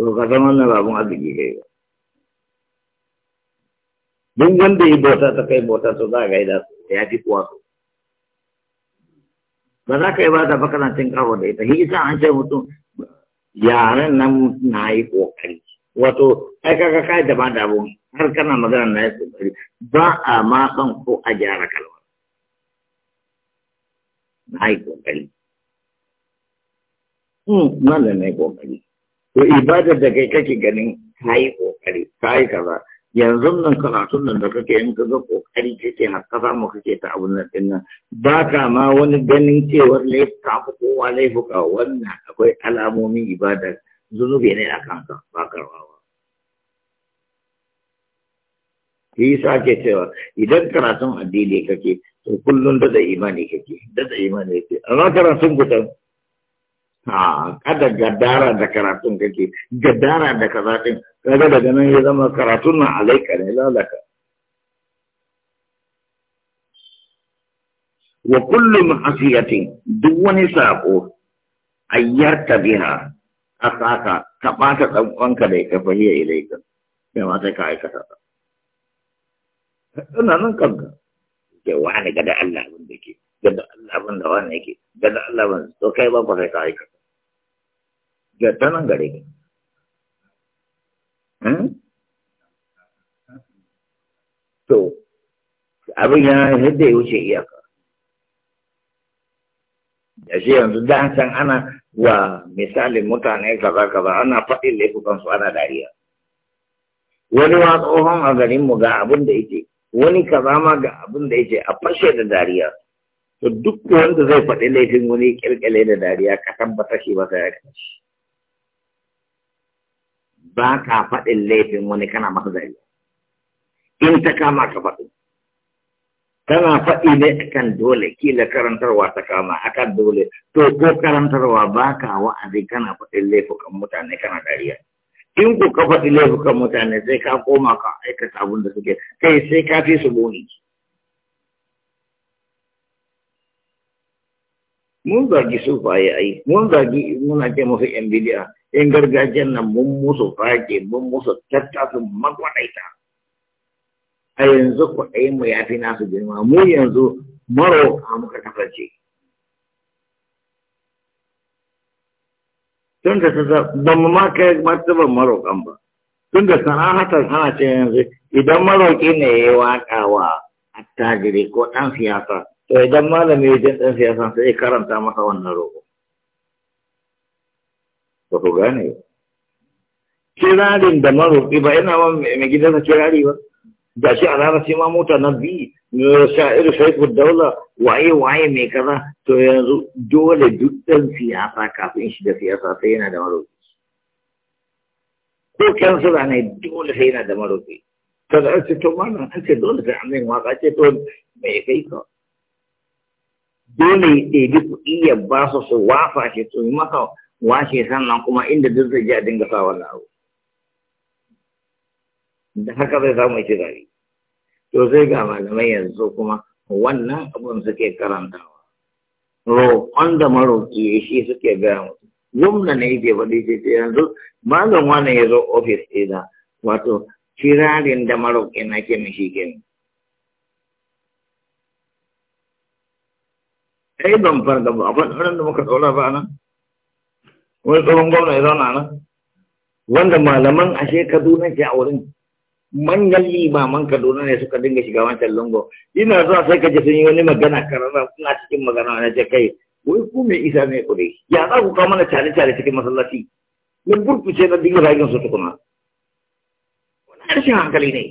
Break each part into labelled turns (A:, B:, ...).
A: to ka san wannan babun arziki kai ba duk wanda yi bauta ta kai bauta to za ka yi su ya fi kuwa su ba za ka yi ba ta ba kana cin kawo da ita hisa an ce mutum yaren nan na yi kokari wato ai kaga kai da ba da abun har kana magana na yi kokari ba a ma san ko a gyara kalma na yi kokari malam na yi kokari to ibadar da kai kake ganin ƙoƙari kokari yi kaza yanzu nan karatun nan da kake yin kaga kokari kake na kaza mu kake ta abun nan din nan ba ka ma wani ganin cewar laifuka fi kowa laifuka wannan akwai alamomin ibadar zunubi ne a kanka ba rawa. shi yasa ke cewa idan karatun addini kake to kullum da imani kake da imani kake amma karatun gudan kada gadara da karatun kake gadara da karatun kaga daga nan ya zama karatun na alaika ne lalaka wa kullum ma'asiyatin duk wani sako ayyarta biha saka ka bata dan uwanka da ka fahiya ilaika bai ma sai ka aikata ta ina nan kanka ke wani gada Allah abin da ke gada Allah ban da wani yake gada Allah ban to kai ba ba sai ka aika ga ta nan gare ka hmm? to abin ya yadda ya wuce iyaka da shi yanzu da san ana wa misalin mutane kaza kaza ana faɗin laifukan su ana dariya wani wa tsohon a garinmu ga abin da yake wani kaza ma ga abin da yake a fashe da dariya to duk wanda zai faɗi laifin wani kirkire da dariya ka tabbata shi ba sai ka ci ba ka faɗi laifin wani kana masa dariya in ta kama ka faɗi tana faɗi ne akan dole kila karantarwa ta kama akan dole to ko karantarwa ba ka wa'azi kana faɗi laifukan mutane kana dariya in ku ka faɗi laifukan mutane sai ka koma ka aikata abin da suke kai sai ka fi su boni mun zagi su faye ai mun zagi muna ce musu yan bidiya yan gargajiyar nan mun musu fage mun musu tattasu magwadaita a yanzu kwaɗayin mu ya fi nasu girma mu yanzu maro a muka tafarce tun da ta ba mu ma kai martaban maroƙan ba tun da sana'atar ana ce yanzu idan maroƙi ne ya yi waƙa wa attajiri ko ɗan siyasa to idan malami wajen ɗan san sai karanta masa wannan roƙo ba ku gane ba kirarin da maroƙi ba yana ma mai gidansa kirari ba da shi a sai ma mota na biyu sha'ir shaiku daula waye-waye mai kaza to yanzu dole duk ɗan siyasa kafin shi da siyasa sai yana da maroƙi ko da ne dole sai yana da maroƙi kada an ce to malam an ce dole sai an min waka ce to mai kai ka dole ya ɗebi kuɗi ya ba su su wafa shi su yi maka washe sannan kuma inda duk zai ji a dinga sa wannan abu da haka zai samu ya gari to zai ga malamai yanzu kuma wannan abun suke karantawa
B: roƙon
A: da maroƙi shi suke gaya musu gwamna ne ke faɗi ce ce yanzu malam wani ya zo ofis ɗina wato kirarin da maroƙi na ke mishi kenan ai ban fara ba akwai tsoron da muka tsora ba nan wani tsoron gwamna ya zauna nan wanda malaman ashe kaduna ke a wurin manyan limaman kaduna ne suka dinga shiga wancan lungo ina zuwa sai ka ji sun yi wani magana karara suna cikin magana na ce kai wai ku mai isa ne kure ya za ku kawo mana tare-tare cikin masallaci na burkuce na dinga zagin su tukuna wani harshen hankali ne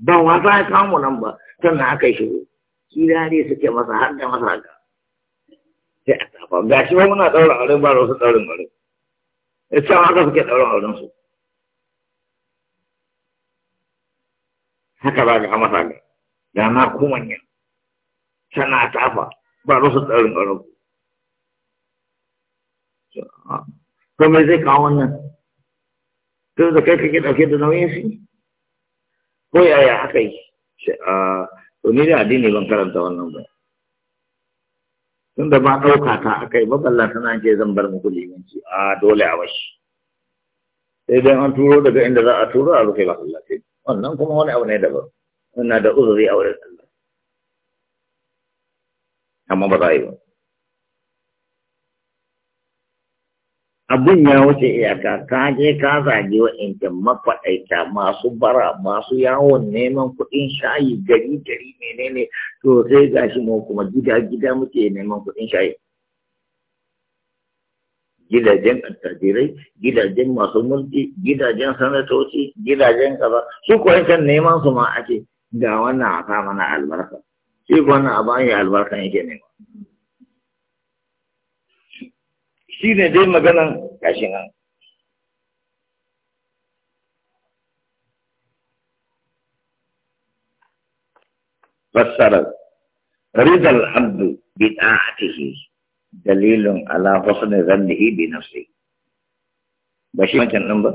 A: ba wasa ya kawo mu nan ba sannan aka yi shiru kirare suke masa har da masa haka sai a tafa ga shi muna daura aure ba da wasu aure. Ya can haka suke daura auren su haka ba ga masa ga da na kumanya tana tafa ba da wasu aure. auren su to me zai kawo wannan to da kai kake ɗauke da nauyin shi ko yaya haka yi ah, to ni da addini ban karanta wannan ba tunda ba ɗauka ta akai ba balla tana ce zan bar muku limanci a ah, dole eh, a bashi sai dai an turo daga inda za a turo a rufe masallaci wannan kuma wani abu ne daban ina da uzuri a wurin Allah amma ba za a yi ba abin ya wuce iyaka ka je ka zage wa'inda mafaɗaita masu bara masu yawon neman kuɗin shayi gari gari menene to sai gashi mu kuma gida gida muke neman kuɗin shayi gidajen attajirai gidajen masu mulki gidajen sanatoci gidajen kaza su kuwa kan neman su ma ake ga wannan a sa mana albarka shi kuwa na a bayan albarkan yake nema shi ne dai magana gashi nan fassarar rizal abdu bi dalilun ala husni zannihi bi nafsi ba wancan din ba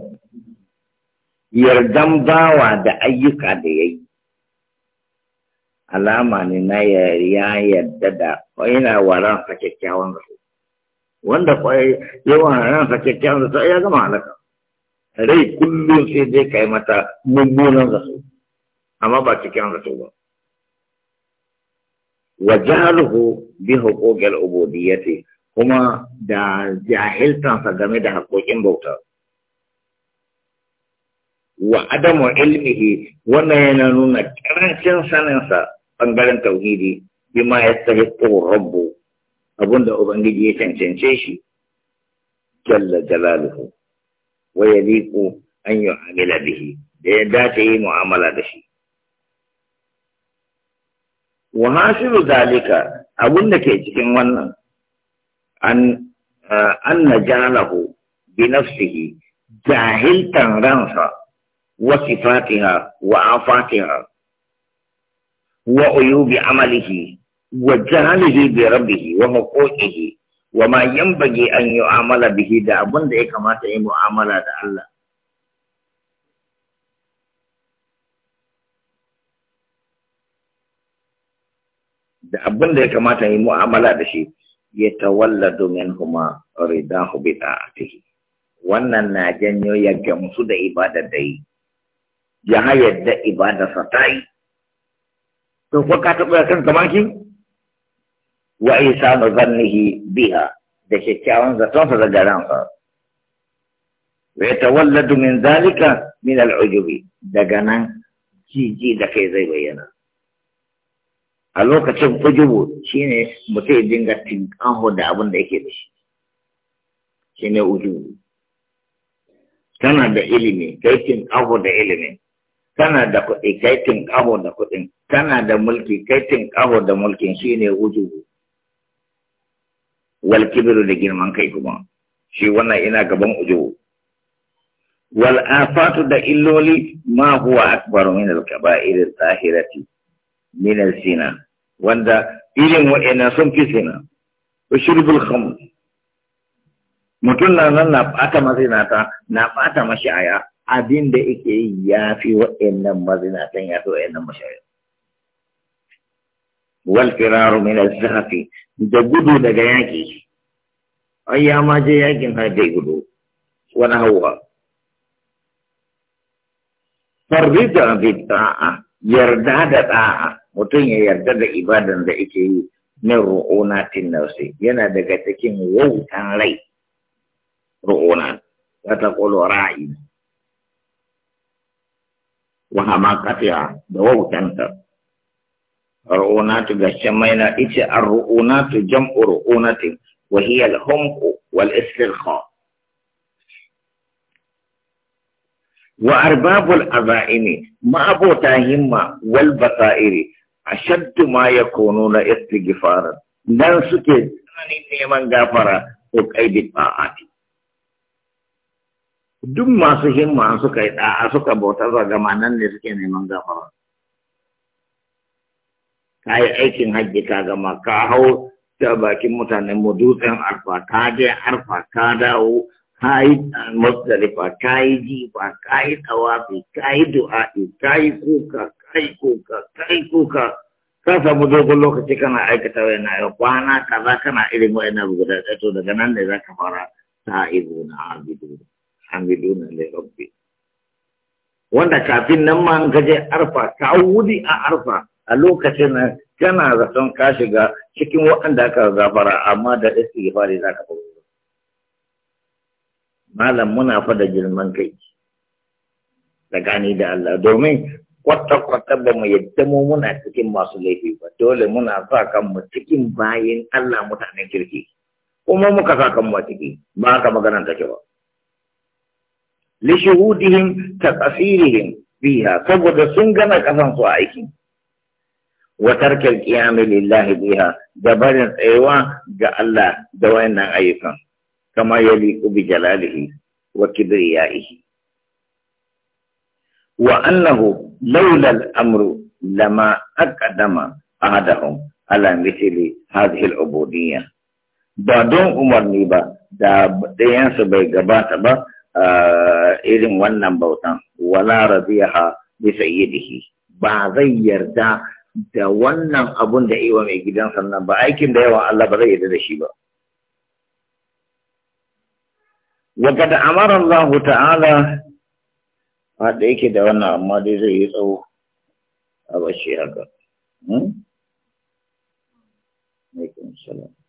A: yardan bawa da ayyuka da yayi alama ne na ya yarda da yana waran sa kyakkyawan zato wanda kwai yawan ransa kyakkyawan zata ya gama halaka rai kullum sai dai kai mata mummunan zato amma ba kyakkyawan zato ba wa bi huquqil ubudiyyati kuma da jahiltansa game da haƙoƙin bauta wa adamu ilmihi wannan yana nuna ƙarancin saninsa ɓangaren tauhidi bima ya tsaye rabbu abunda ubangiji ya cancance shi jalla jalaluhu wa yaliqu an yu'amila bihi da ya dace yi mu'amala da shi wa hasilu zalika da ke cikin wannan an an najalahu bi nafsihi jahiltan ransa wa sifatiha wa afatiha wa uyubi amalihi wajjanalihi bi rabbihi wa haqqihi wa ma yanbaghi an yu'amala bihi da abin da ya kamata yi mu'amala da Allah da abin ya kamata yi mu'amala da shi ya tawalladu min huma ridahu bi ta'atihi wannan na janyo ya gamsu da ibada dai, ya hayar da ibadar sa to ko ka taɓa kan kamakin wa isa na zannihi biha da kyakkyawan zatonsa da garansa wa ya tawalladu min zalika min al'ujubi daga nan jiji da kai zai bayyana a lokacin ujubu shi shine mutum ya dinga tinkaho da abin da yake da shi shine ujubu kana da ilimi kai tinkaho da ilimi; tana da kuɗi kai tinƙaho da kuɗin tana da mulki kai tinƙaho da mulkin ne ujubu. wal kibiru da girman kai kuma shi wannan ina gaban ujo wal afatu da illoli ma huwa akbaru min al kaba'ir al zahirati min al sina wanda irin wa'ina sun fi sina wa shurbul khamr mutum na nan na bata mazinata na ɓata mashaya abin da yake yi ya fi wa'annan mazinatan ya fi wa'annan mashaya والفرار من الزهف da gudu daga yaƙi ai ya ma je yaƙin har dai gudu wani hawa farrita bi ta'a yarda da ɗa'a, mutum ya yarda da ibadan da yake yi min ru'unatin nafsi yana daga cikin wautan rai ya ta taqulu ra'in wa hamakatiha da wautanta ru'unatu gashamaina ita ar-ru'unatu jam'u ru'unatin wa hiya al-humqu wal istirqa wa arbabul abaini ma abota himma wal basairi ashaddu ma yakununa istighfaran dan suke tsananin neman gafara ko kaidi ta'ati duk masu himma suka yi da'a suka bautar gama nan ne suke neman gafara ka yi aikin hajji ka gama ka hau ta bakin mutanen mu dutsen arfa ka je arfa ka dawo ka yi musdalifa ka yi jifa ka yi tsawafi ka yi du'a'i ka yi kuka ka yi kuka ka yi kuka ka samu dogon lokaci kana aikata wani yau kwana ka za kana irin wa abu guda ɗaya to daga nan ne za ka fara na abidu abidu na rabbi wanda kafin nan ma ka je arfa ka wudi a arfa a lokacin nan kana zaton ka shiga cikin waɗanda aka zafara amma da istighfari za ka fara malam muna fa da girman kai da gani da Allah domin kwata-kwata ba mu yadda mu muna cikin masu laifi ba dole muna sa kanmu cikin bayan Allah mutanen kirki kuma muka sa kanmu a ciki ba haka magana ce ba Lishuhudihim ta tsasirihim biha saboda sun gana kasan su a aikin. Watar tarkil qiyami lillahi biha da barin tsayewa ga Allah da wayannan ayyukan kama yaliqu bi jalalihi wa kibriyaihi wa annahu laula al-amru lama aqdama ahadahum ala mithli hadhihi al-ubudiyya ba don umarni ba da ɗayansu bai gabata ba irin wannan bautan wala radiyaha bi sayyidihi ba zai yarda da wannan abun da iwa mai gidan sannan ba aikin da yawa Allah ba zai yi da shi ba wa da amaran Allah ta'ala a yake da wannan amma dai zai yi tsawo a bashi haka. Hmm? salam.